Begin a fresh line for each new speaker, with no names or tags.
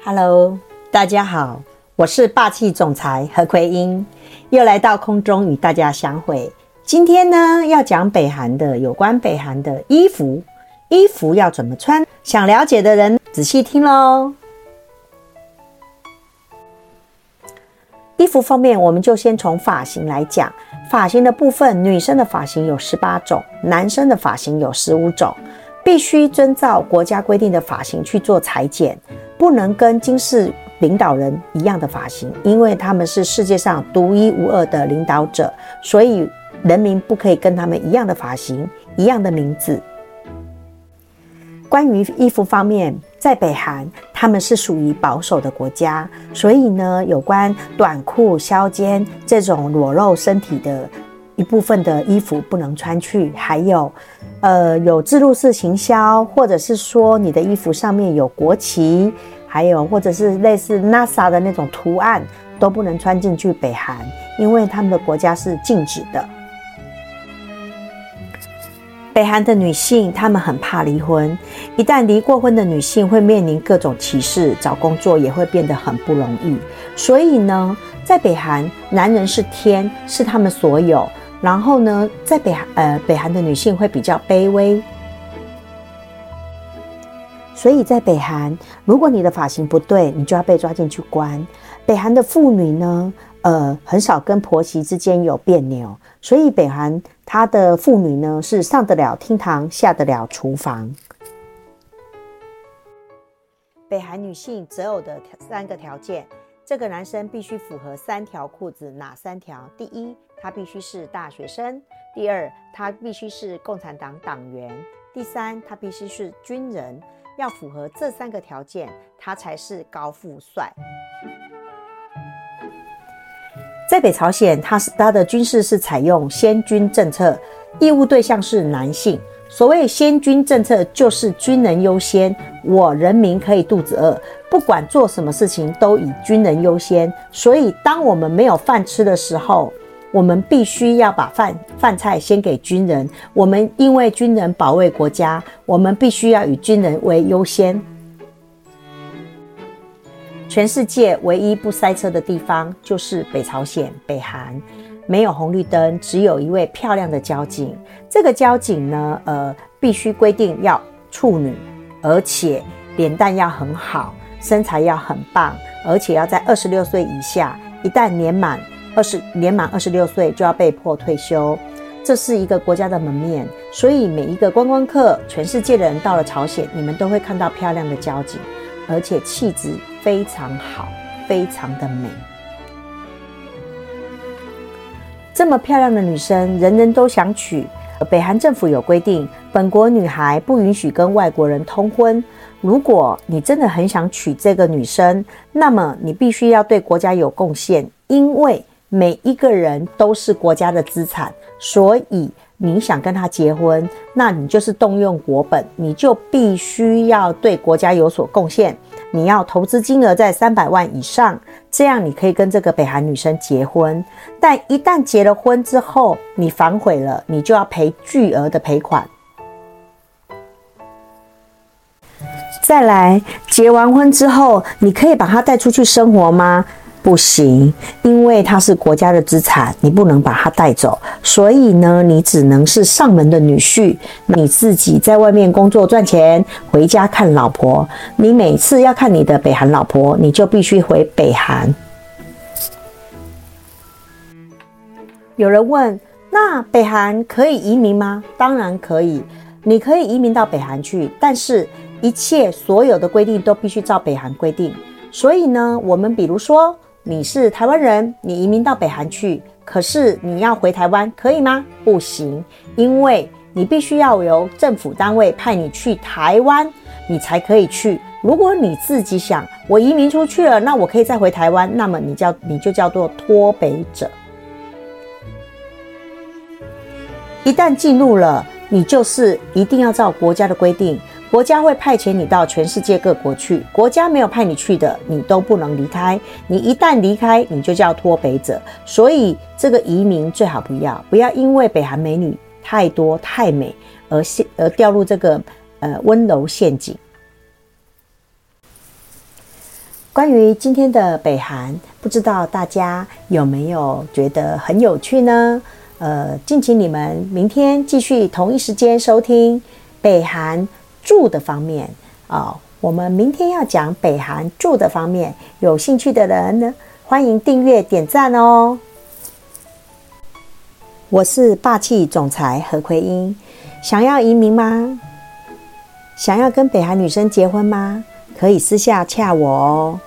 Hello，大家好，我是霸氣總裁何奎英，又來到空中與大家相會。今天呢，要講北韓的有關北韓的衣服，衣服要怎麼穿？想了解的人仔細聽嘍。衣服方面，我們就先從髮型來講。髮型的部分，女生的髮型有十八種，男生的髮型有十五種，必須遵照國家規定的髮型去做裁剪。不能跟金氏領導人一樣的髮型，因為他們是世界上獨一無二的領導者，所以人民不可以跟他們一樣的髮型、一樣的名字。關於衣服方面，在北韓他們是屬於保守的國家，所以呢，有關短褲削肩這種裸露身體的。一部分的衣服不能穿去，還有，呃，有置入式行銷，或者是說你的衣服上面有國旗，還有或者是類似 NASA 的那種圖案都不能穿進去北韓，因為他們的國家是禁止的。北韓的女性，她們很怕離婚，一旦離過婚的女性會面臨各種歧視，找工作也會變得很不容易。所以呢，在北韓，男人是天，是他們所有。然後呢，在北，呃，北韓的女性會比較卑微，所以在北韓，如果你的髮型不對，你就要被抓進去關。北韓的婦女呢，呃，很少跟婆媳之間有別扭，所以北韓她的婦女呢，是上得了廳堂，下得了廚房。北韓女性擇偶的三個條件。這個男生必須符合三條褲子，哪三條？第一，他必須是大學生；第二，他必須是共產黨黨員；第三，他必須是軍人。要符合這三個條件，他才是高富帥。在北朝鮮，他是他的軍事是採用先軍政策，義務對象是男性。所謂先軍政策，就是軍人優先。我人民可以肚子餓，不管做什麼事情都以軍人優先。所以，當我們沒有飯吃的時候，我們必須要把飯飯菜先給軍人。我們因為軍人保衛國家，我們必須要以軍人為優先。全世界唯一不塞車的地方就是北朝鮮、北韓，沒有紅綠燈，只有一位漂亮的交警。這個交警呢，呃，必須規定要處女，而且臉蛋要很好，身材要很棒，而且要在二十六歲以下。一旦年滿二十，年滿二十六歲就要被迫退休。這是一個國家的門面，所以每一個觀光客，全世界的人到了朝鮮，你們都會看到漂亮的交警，而且氣質。非常好，非常的美。這麼漂亮的女生，人人都想娶。北韓政府有規定，本國女孩不允許跟外國人通婚。如果你真的很想娶這個女生，那麼你必須要對國家有貢獻，因為每一個人都是國家的資產。所以你想跟她結婚，那你就是動用國本，你就必須要對國家有所貢獻。你要投資金額在三百萬以上，這樣你可以跟這個北韓女生結婚。但一旦結了婚之後，你反悔了，你就要賠巨額的賠款。再來，結完婚之後，你可以把她帶出去生活嗎？不行，因為她是國家的資產，你不能把她帶走。所以呢，你只能是上門的女婿，你自己在外面工作賺錢，回家看老婆。你每次要看你的北韓老婆，你就必須回北韓。有人問，那北韓可以移民嗎？當然可以，你可以移民到北韓去，但是一切所有的規定都必須照北韓規定。所以呢，我們比如說，你是台灣人，你移民到北韓去，可是你要回台灣，可以嗎？不行，因為你必須要由政府單位派你去台灣，你才可以去。如果你自己想，我移民出去了，那我可以再回台灣，那麼你叫，你就叫做脫北者。一旦進入了，你就是一定要照國家的規定。國家會派遣你到全世界各國去，國家沒有派你去的，你都不能離開。你一旦離開，你就叫脫北者。所以，這個移民最好不要不要因為北韓美女太多太美而陷而掉入這個呃溫柔陷阱。關於今天的北韓，不知道大家有沒有覺得很有趣呢？呃，敬請你們明天繼續同一時間收聽北韓。住的方面啊、哦，我們明天要講北韓住的方面，有興趣的人呢，歡迎訂閱點贊哦。我是霸氣總裁何奎英，想要移民嗎？想要跟北韓女生結婚嗎？可以私下洽我哦。